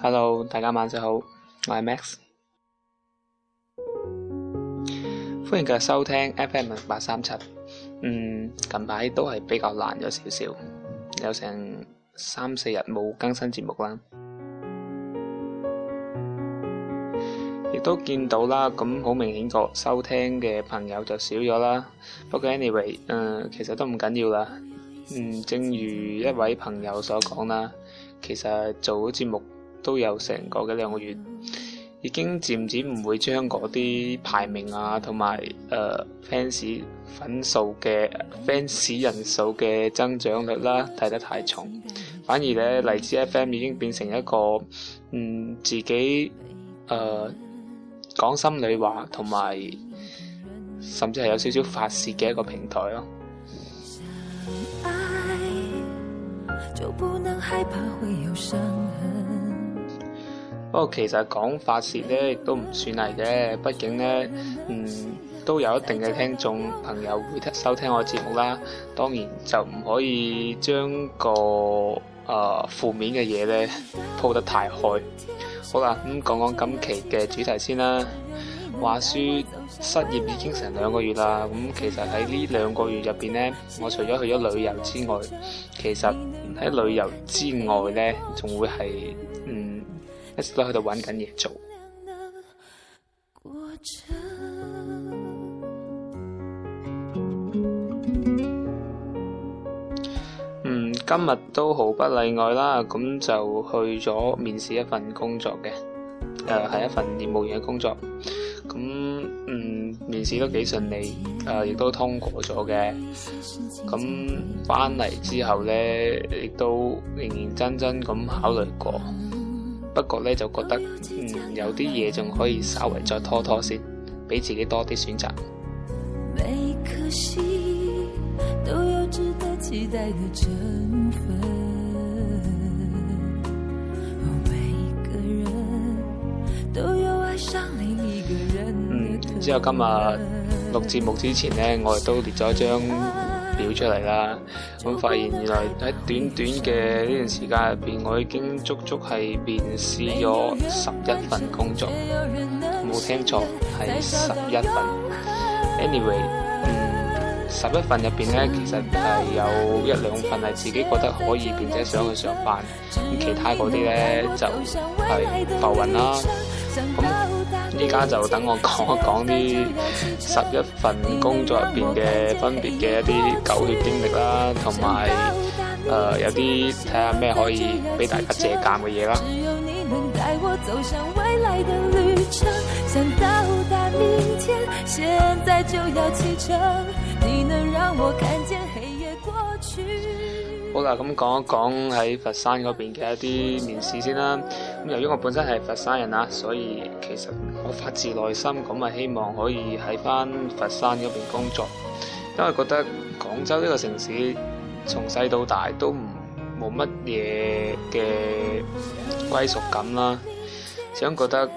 hello，大家晚上好，我係 Max， 歡迎繼續收聽 FM 八三七。嗯，近排都係比較難咗少少，有成三四日冇更新節目啦，亦 都見到啦，咁、嗯、好明顯個收聽嘅朋友就少咗啦。不過 anyway，嗯，其實都唔緊要啦。嗯，正如一位朋友所講啦，其實做咗節目，都有成個幾兩個月，已經漸漸唔會將嗰啲排名啊，同埋誒 fans 粉數嘅 fans 人數嘅增長率啦、啊、睇得太重，反而咧，荔枝 FM 已經變成一個嗯自己誒、呃、講心裡話，同埋甚至係有少少發洩嘅一個平台咯、啊。不過其實講發泄咧，亦都唔算係嘅。畢竟咧，嗯，都有一定嘅聽眾朋友會收聽我嘅節目啦。當然就唔可以將個誒負面嘅嘢咧鋪得太開。好啦，咁講講今期嘅主題先啦。話説失業已經成兩個月啦。咁、嗯、其實喺呢兩個月入邊咧，我除咗去咗旅遊之外，其實喺旅遊之外咧，仲會係，一直喺度揾緊嘢做。嗯，今日都毫不例外啦，咁就去咗面試一份工作嘅，誒係一份業務員嘅工作。咁嗯，面試都幾順利，誒亦都通過咗嘅。咁返嚟之後咧，亦都認認真真咁考慮過。不過咧就覺得，嗯，有啲嘢仲可以稍微再拖拖先，俾自己多啲選擇。嗯，之後今日錄節目之前呢，我亦都列咗一張表出嚟啦。我、嗯、發現原來喺短短嘅呢段時間入面，我已經足足係面試咗十一份工作，冇、嗯、聽錯，係十一份。Anyway，嗯，十一份入面呢，其實係有一兩份係自己覺得可以，並且想去上班，其他嗰啲呢就係浮雲啦。嗯依家就等我講一講啲十一份工作入邊嘅分別嘅一啲狗血經歷啦，同埋誒有啲睇、呃、下咩可以俾大家借鑑嘅嘢啦。好啦，咁講一講喺佛山嗰邊嘅一啲面試先啦。咁由於我本身係佛山人啊，所以其實我發自內心咁啊，希望可以喺翻佛山嗰邊工作，因為覺得廣州呢個城市從細到大都唔冇乜嘢嘅歸屬感啦，始終覺得。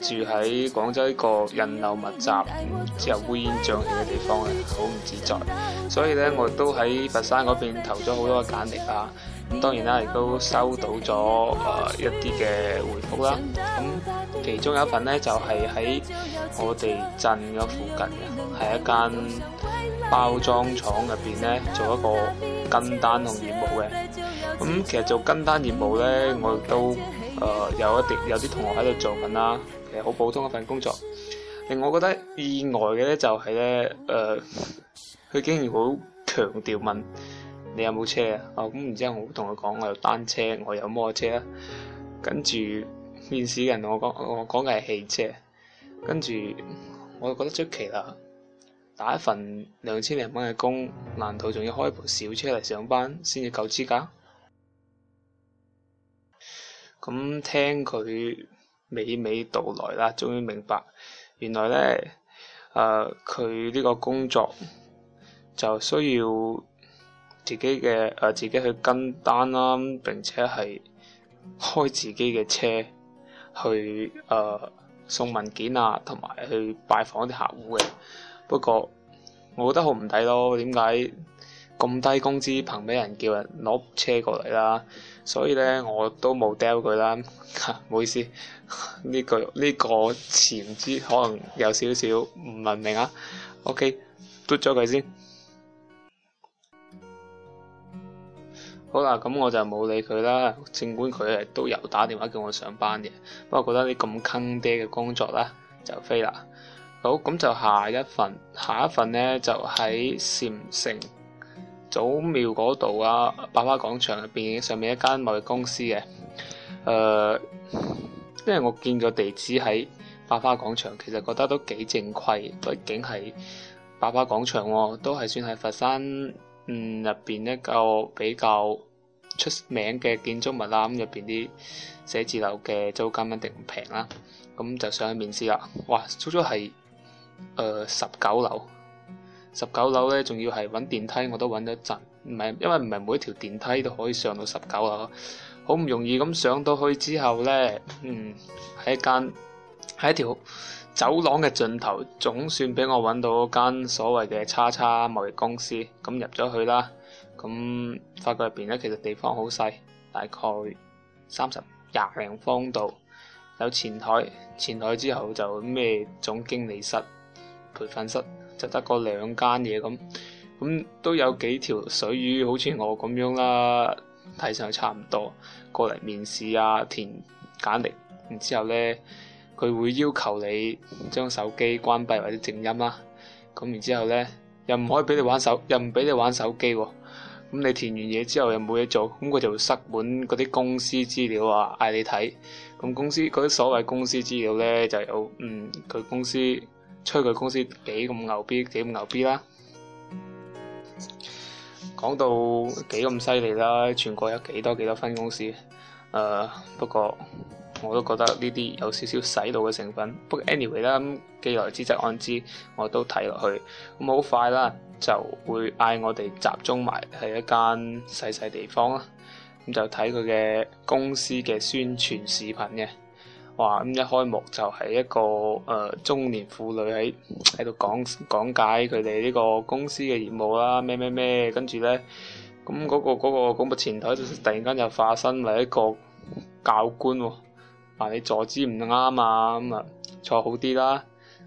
住喺廣州呢個人流密集、嗯、之後烏煙瘴氣嘅地方，好唔自在。所以咧，我都喺佛山嗰邊投咗好多簡歷啦。咁當然啦，亦都收到咗誒、呃、一啲嘅回覆啦。咁、嗯、其中有一份咧，就係、是、喺我哋鎮嗰附近嘅，係一間包裝廠入邊咧做一個跟單同業務嘅。咁、嗯、其實做跟單業務咧，我亦都～誒、呃，有一啲有啲同學喺度做緊啦，其實好普通一份工作。令我覺得意外嘅咧、就是，就係咧，誒，佢竟然好強調問你有冇車啊？咁、哦嗯、然之後我同佢講，我有單車，我有摩托車啦。跟住面試人同我講，我講嘅係汽車。跟住我就覺得出奇啦，打一份兩千零蚊嘅工，難道仲要開部小車嚟上班先至夠資格？咁、嗯、聽佢娓娓道來啦，終於明白原來咧，誒佢呢個工作就需要自己嘅誒、呃、自己去跟單啦，並且係開自己嘅車去誒、呃、送文件啊，同埋去拜訪啲客戶嘅。不過我覺得好唔抵咯，點解？咁低工資，憑咩人叫人攞車過嚟啦？所以咧，我都冇 deal 佢啦。唔 好意思，呢個呢個詞唔、這個、可能有少少唔文明啊。OK，嘟咗佢先。好啦，咁我就冇理佢啦。儘管佢誒都有打電話叫我上班嘅，不過覺得啲咁坑爹嘅工作啦就飛啦。好咁就下一份，下一份咧就喺禪城。祖廟嗰度啊，百花廣場入邊上面一間貿易公司嘅、啊，誒、呃，因為我見個地址喺百花廣場，其實覺得都幾正規，畢竟係百花廣場喎、啊，都係算係佛山嗯入邊一個比較出名嘅建築物啦、啊。咁入邊啲寫字樓嘅租金一定唔平啦，咁就上去面試啦、啊。哇，足足係誒十九樓。十九樓咧，仲要係揾電梯，我都揾咗一陣，唔係因為唔係每一條電梯都可以上到十九樓啦。好唔容易咁上到去之後呢，嗯，喺一間喺一條走廊嘅盡頭，總算俾我揾到間所謂嘅叉叉貿易公司。咁入咗去啦，咁、嗯、發覺入邊咧，其實地方好細，大概三十廿零方度。有前台，前台之後就咩總經理室、培訓室。就得嗰兩間嘢咁，咁都有幾條水魚，好似我咁樣啦，睇上去差唔多過嚟面試啊，填簡歷，然之後呢，佢會要求你將手機關閉或者靜音啦，咁然之後呢，又唔可以俾你玩手，又唔俾你玩手機喎，啊，咁你填完嘢之後又冇嘢做，咁佢就會塞滿嗰啲公司資料啊，嗌你睇，咁公司嗰啲所謂公司資料呢，就有，嗯，佢公司，吹佢公司幾咁牛逼，幾咁牛逼啦！講到幾咁犀利啦，全國有幾多幾多分公司？誒、呃，不過我都覺得呢啲有少少洗腦嘅成分。不過 anyway 啦，既來之則安之，我都睇落去。咁好快啦，就會嗌我哋集中埋喺一間細細地方啦。咁就睇佢嘅公司嘅宣傳視頻嘅。哇！咁一開幕就係一個誒、呃、中年婦女喺喺度講講解佢哋呢個公司嘅業務啦，咩咩咩，跟住咧咁嗰個嗰、嗰個嗰個前台突然間就化身為一個教官喎，話、啊、你坐姿唔啱啊，咁啊坐好啲啦，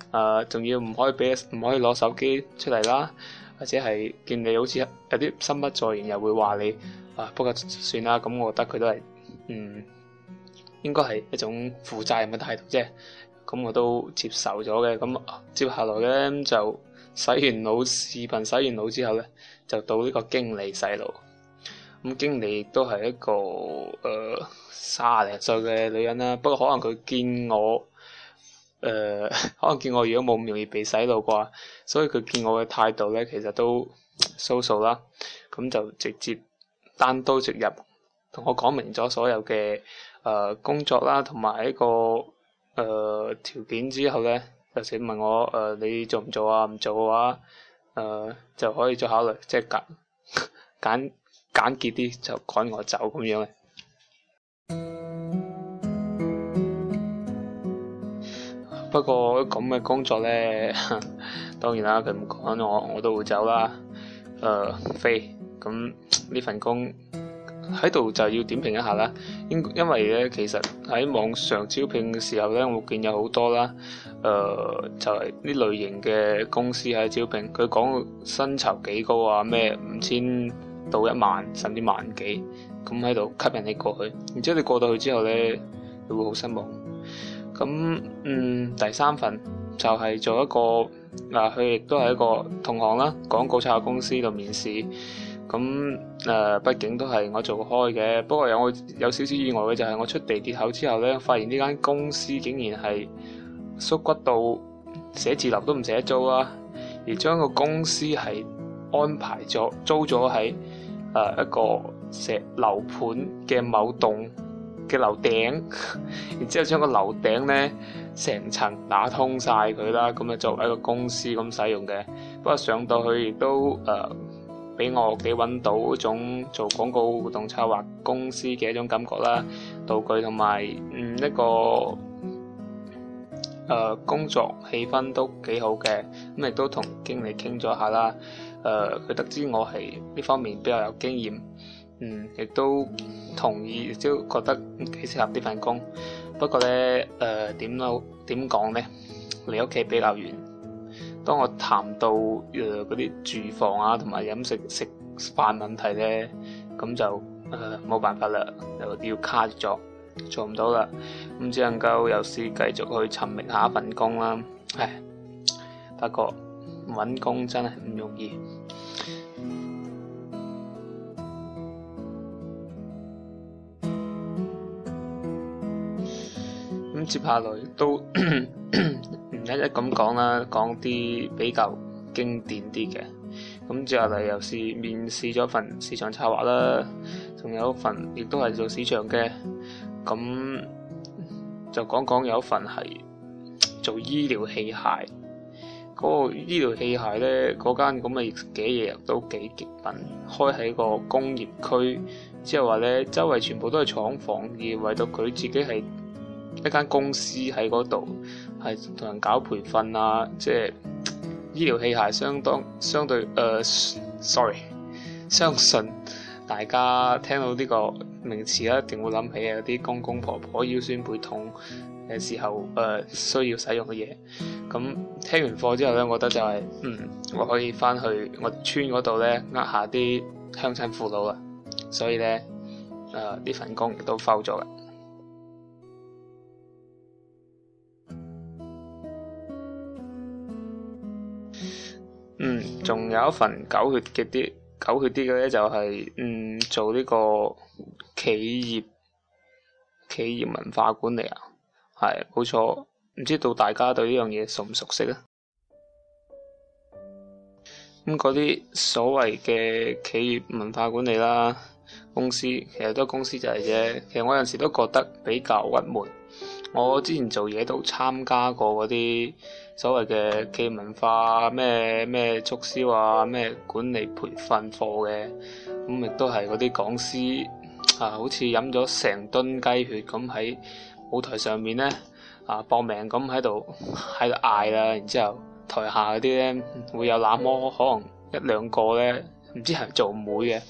誒、啊、仲要唔可以俾唔可以攞手機出嚟啦，或者係見你好似有啲心不在焉又會話你啊，不過算啦，咁我覺得佢都係嗯。應該係一種負責任嘅態度啫，咁我都接受咗嘅。咁接下來咧，就洗完腦視頻，洗完腦之後咧，就到呢個經理洗腦。咁經理亦都係一個誒、呃、三十零歲嘅女人啦，不過可能佢見我誒、呃，可能見我如果冇咁容易被洗腦啩，所以佢見我嘅態度咧，其實都 so so 啦。咁就直接單刀直入，同我講明咗所有嘅。誒、呃、工作啦，同埋一個誒、呃、條件之後咧，就者、是、問我誒、呃、你做唔做啊？唔做嘅、啊、話，誒、呃、就可以再考慮，即係簡簡簡潔啲就趕我走咁樣。 不過咁嘅工作咧， 當然啦，佢唔趕我，我都會走啦。誒飛咁呢份工。喺度就要點評一下啦，因因為咧其實喺網上招聘嘅時候咧，我見有好多啦，誒、呃、就係、是、呢類型嘅公司喺招聘，佢講薪酬幾高啊，咩五千到一萬甚至萬幾，咁喺度吸引你過去，然之後你過到去之後咧，你會好失望。咁嗯第三份就係做一個嗱，佢亦都係一個同行啦，廣告策劃公司度面試。咁誒、呃，畢竟都係我做開嘅。不過有我有少少意外嘅就係我出地鐵口之後咧，發現呢間公司竟然係縮骨到寫字樓都唔捨得租啊，而將個公司係安排咗租咗喺誒一個石樓盤嘅某棟嘅樓頂， 然之後將個樓頂咧成層打通晒佢啦，咁啊作為一個公司咁使用嘅。不過上到去亦都誒。呃俾我幾揾到一種做廣告活動策劃公司嘅一種感覺啦，道具同埋嗯一個誒、呃、工作氣氛都幾好嘅，咁亦都同經理傾咗下啦。誒、呃，佢得知我係呢方面比較有經驗，嗯，亦都同意亦都覺得幾適合呢份工。不過咧，誒點諗點講咧，離屋企比較遠。當我談到誒嗰啲住房啊同埋飲食食飯問題咧，咁就誒冇、呃、辦法啦，又要卡住做，做唔到啦，咁只能夠有試繼續去尋覓下一份工啦。唉，發覺揾工真係唔容易。咁 接下來都。 一一咁講啦，講啲比較經典啲嘅，咁之後嚟又試面試咗份市場策劃啦，仲有一份亦都係做市場嘅，咁就講講有份係做醫療器械，嗰個醫療器械咧，嗰間咁嘅嘢都幾極品，開喺個工業區，即係話咧周圍全部都係廠房，而唯獨佢自己係一間公司喺嗰度。係同人搞培訓啊，即係醫療器械相當相對，誒、呃，sorry，相信大家聽到呢個名詞一定會諗起啊啲公公婆婆腰酸背痛嘅時候，誒、呃，需要使用嘅嘢。咁聽完課之後呢，我覺得就係，嗯，我可以翻去我村嗰度呢，呃下啲鄉親父老啦。所以呢，誒、呃，呢份工亦都收咗啦。嗯，仲有一份狗血嘅啲狗血啲嘅咧，就係嗯做呢個企業企業文化管理啊，係冇錯，唔知道大家對呢樣嘢熟唔熟悉咧？咁嗰啲所謂嘅企業文化管理啦，公司其實都公司就係啫。其實我有陣時都覺得比較鬱悶。我之前做嘢都參加過嗰啲所謂嘅企業文化咩咩促銷啊咩管理培訓課嘅，咁亦都係嗰啲講師啊，好似飲咗成噸雞血咁喺舞台上面咧啊搏命咁喺度喺度嗌啦，然之後台下嗰啲咧會有那麼可能一兩個咧唔知係咪做唔會嘅。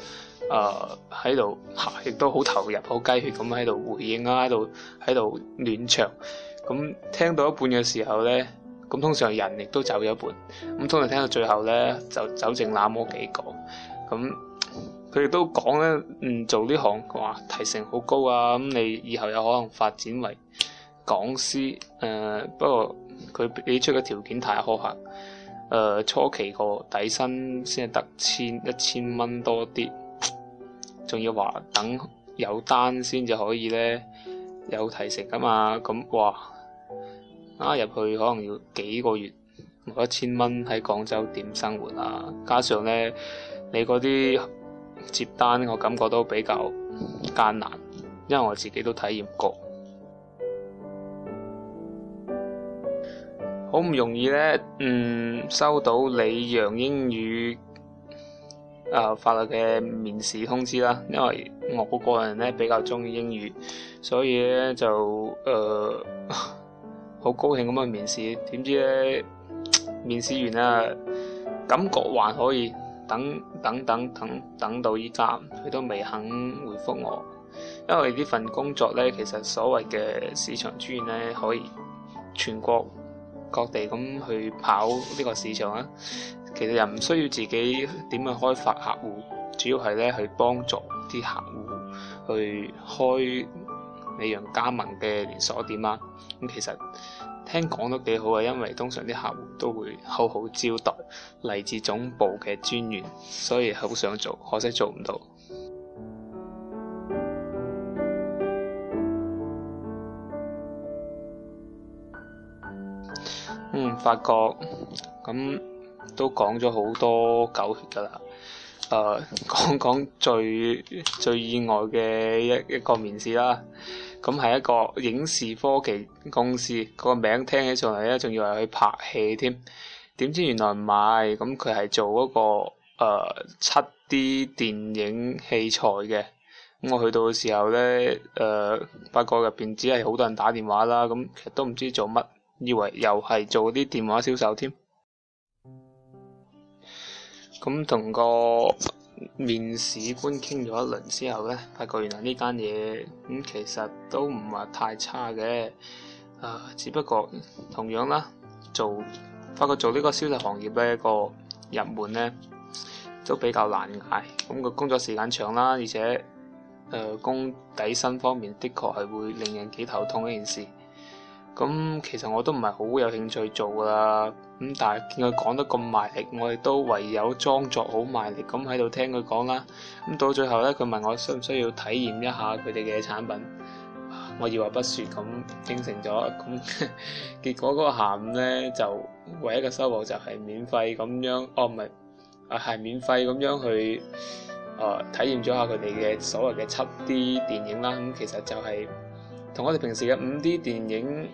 誒喺度，亦、uh, 啊、都好投入，好雞血咁喺度回應啊，喺度喺度暖場。咁聽到一半嘅時候呢，咁通常人亦都走咗一半。咁通常聽到最後呢，就走剩那麼幾個。咁佢哋都講呢，唔、嗯、做呢行話提成好高啊。咁你以後有可能發展為講師誒、呃，不過佢俾出嘅條件太苛刻。誒、呃、初期個底薪先係得千一千蚊多啲。仲要話等有單先就可以呢，有提成啊嘛，咁哇啊入去可能要幾個月一千蚊，喺廣州點生活啊？加上呢，你嗰啲接單，我感覺都比較艱難，因為我自己都體驗過，好唔容易呢，嗯，收到李陽英語。啊、呃，法律嘅面試通知啦，因為我個人咧比較鍾意英語，所以咧就誒好、呃、 高興咁去面試，點知咧面試完啊，感覺還可以，等等等等，等到依家佢都未肯回覆我，因為呢份工作咧，其實所謂嘅市場專員咧，可以全國各地咁去跑呢個市場啊。其實又唔需要自己點樣開發客戶，主要係咧去幫助啲客戶去開美容加盟嘅連鎖店啦。咁、嗯、其實聽講都幾好呀，因為通常啲客戶都會好好招待嚟自總部嘅專員，所以好想做，可惜做唔到。嗯，發覺咁。嗯都講咗好多狗血噶啦，誒講講最最意外嘅一個一個面試啦。咁係一個影視科技公司，這個名聽起上嚟咧，仲以為去拍戲添，點知原來唔係。咁佢係做嗰個呃、7D 電影器材嘅。咁我去到嘅時候咧，誒發覺入邊只係好多人打電話啦。咁其實都唔知做乜，以為又係做啲電話銷售添。咁同、嗯、個面試官傾咗一輪之後呢，發覺原來呢間嘢咁、嗯、其實都唔係太差嘅。啊，只不過同樣啦，做發覺做呢個銷售行業呢，一個入門呢都比較難捱。咁、嗯、個工作時間長啦，而且誒、呃、工底薪方面，的確係會令人幾頭痛呢件事。咁其實我都唔係好有興趣做啦，咁但係見佢講得咁賣力，我哋都唯有裝作好賣力咁喺度聽佢講啦。咁到最後咧，佢問我需唔需要體驗一下佢哋嘅產品，我二話不説咁應承咗。咁結果嗰個下午咧，就唯一嘅收穫就係免費咁樣，哦唔係，啊係免費咁樣去，誒、呃、體驗咗下佢哋嘅所謂嘅七 D 電影啦。咁、嗯、其實就係、是、同我哋平時嘅五 D 電影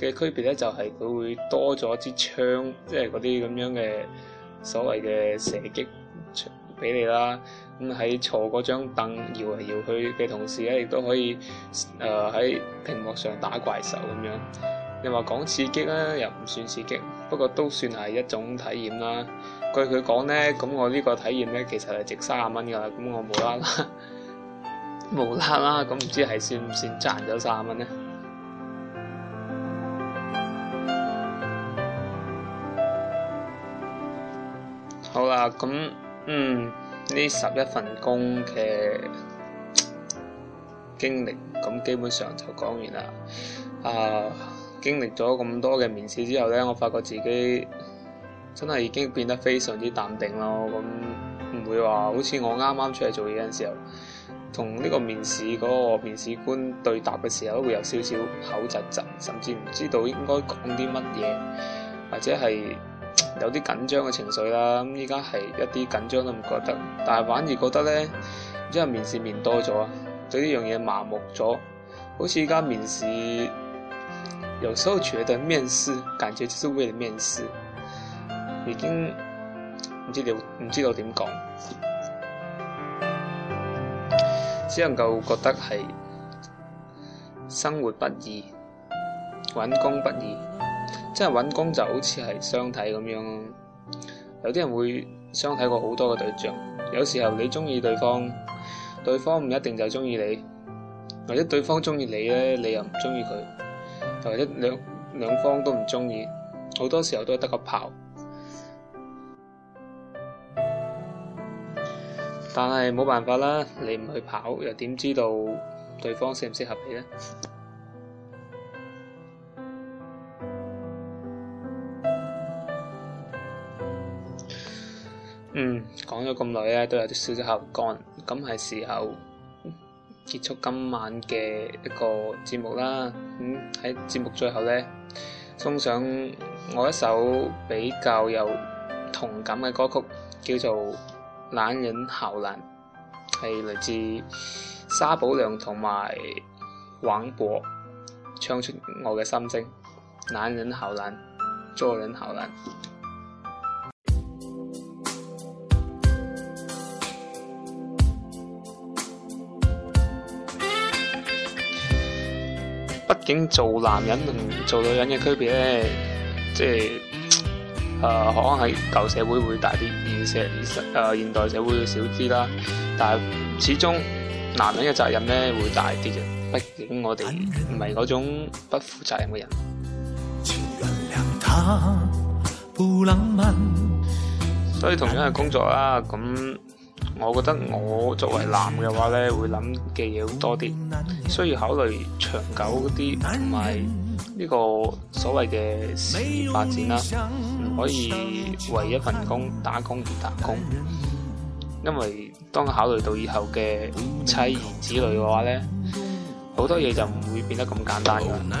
嘅區別咧，就係、是、佢會多咗支槍，即係嗰啲咁樣嘅所謂嘅射擊槍俾你啦。咁喺坐嗰張凳搖嚟搖去嘅同時咧，亦都可以誒喺、呃、屏幕上打怪獸咁樣。你話講刺激咧，又唔算刺激，不過都算係一種體驗啦。據佢講咧，咁我呢個體驗咧，其實係值卅蚊噶啦。咁我無啦啦，無啦啦，咁唔知係算唔算賺咗卅蚊咧？啊，咁嗯，呢十一份工嘅經歷，咁基本上就講完啦。啊，經歷咗咁多嘅面試之後呢，我發覺自己真係已經變得非常之淡定咯。咁唔會話好似我啱啱出嚟做嘢嗰陣時候，同呢個面試嗰個面試官對答嘅時候都會有少少口窒窒，甚至唔知道應該講啲乜嘢，或者係，有啲緊張嘅情緒啦，咁依家係一啲緊張都唔覺得，但係反而覺得咧，因為面試面多咗，對呢樣嘢麻木咗。好似而家面試，有時候覺得面試，感覺就是為了面試，已經唔知點，唔知道點講，只能夠覺得係生活不易，搵工不易。即係搵工就好似係相睇咁樣，有啲人會相睇過好多嘅對象，有時候你中意對方，對方唔一定就中意你，或者對方中意你咧，你又唔中意佢，或者兩兩方都唔中意，好多時候都係得個跑，但係冇辦法啦，你唔去跑又點知道對方適唔適合你呢？嗯，講咗咁耐咧，都有啲少少口乾，咁係時候結束今晚嘅一個節目啦。咁喺節目最後咧，送上我一首比較有同感嘅歌曲，叫做《男人好難》，係嚟自沙寶亮同埋黃渤唱出我嘅心聲。男人好難，做人好難。已經做男人同做女人嘅區別咧，即係誒、呃，可能喺舊社會會大啲，現時現誒現代社會會少啲啦。但係始終男人嘅責任咧會大啲嘅，畢竟我哋唔係嗰種不負責任嘅人。 所以同樣係工作啦。咁。我覺得我作為男嘅話咧，會諗嘅嘢會多啲，需要考慮長久啲同埋呢個所謂嘅事業發展啦，唔可以為一份工打工而打工，因為當考慮到以後嘅妻兒子女嘅話咧，好多嘢就唔會變得咁簡單㗎。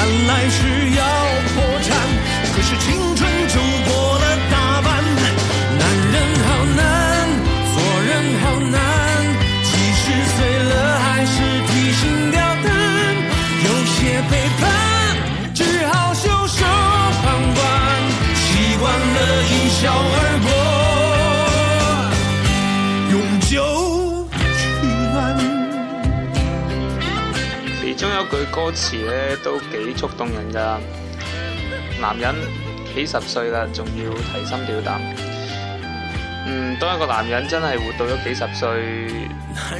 看來是要破產，可是青春就過了。中有句歌詞咧，都幾觸動人㗎。男人幾十歲啦，仲要提心吊膽。嗯，當一個男人真係活到咗幾十歲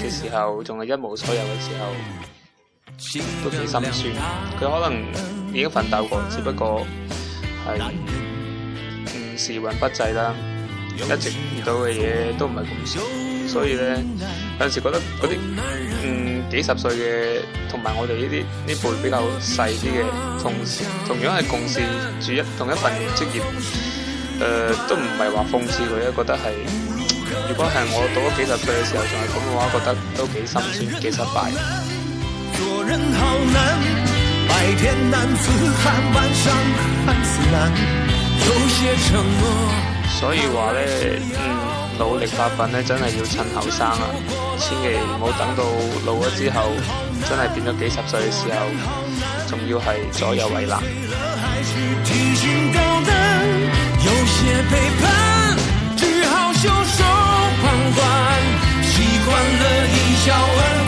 嘅時候，仲係一無所有嘅時候，都幾心酸。佢可能已經奮鬥過，只不過係、嗯、時運不濟啦。一直遇到嘅嘢都唔係咁，所以咧有陣時覺得嗰啲嗯。幾十歲嘅，同埋我哋呢啲呢輩比較細啲嘅同同樣係共事住一同一份職業，誒、呃、都唔係話諷刺佢啊，覺得係如果係我到咗幾十歲嘅時候仲係咁嘅話，覺得都幾心酸幾失敗。自有些人難，所以話咧，嗯。努力發奮呢，真係要趁後生啊！千祈唔好等到老咗之後，真係變咗幾十歲嘅時候，仲要係左右為難。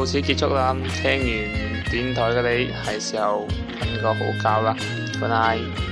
到此結束啦！聽完電台嘅你，係時候瞓個好覺啦，good night。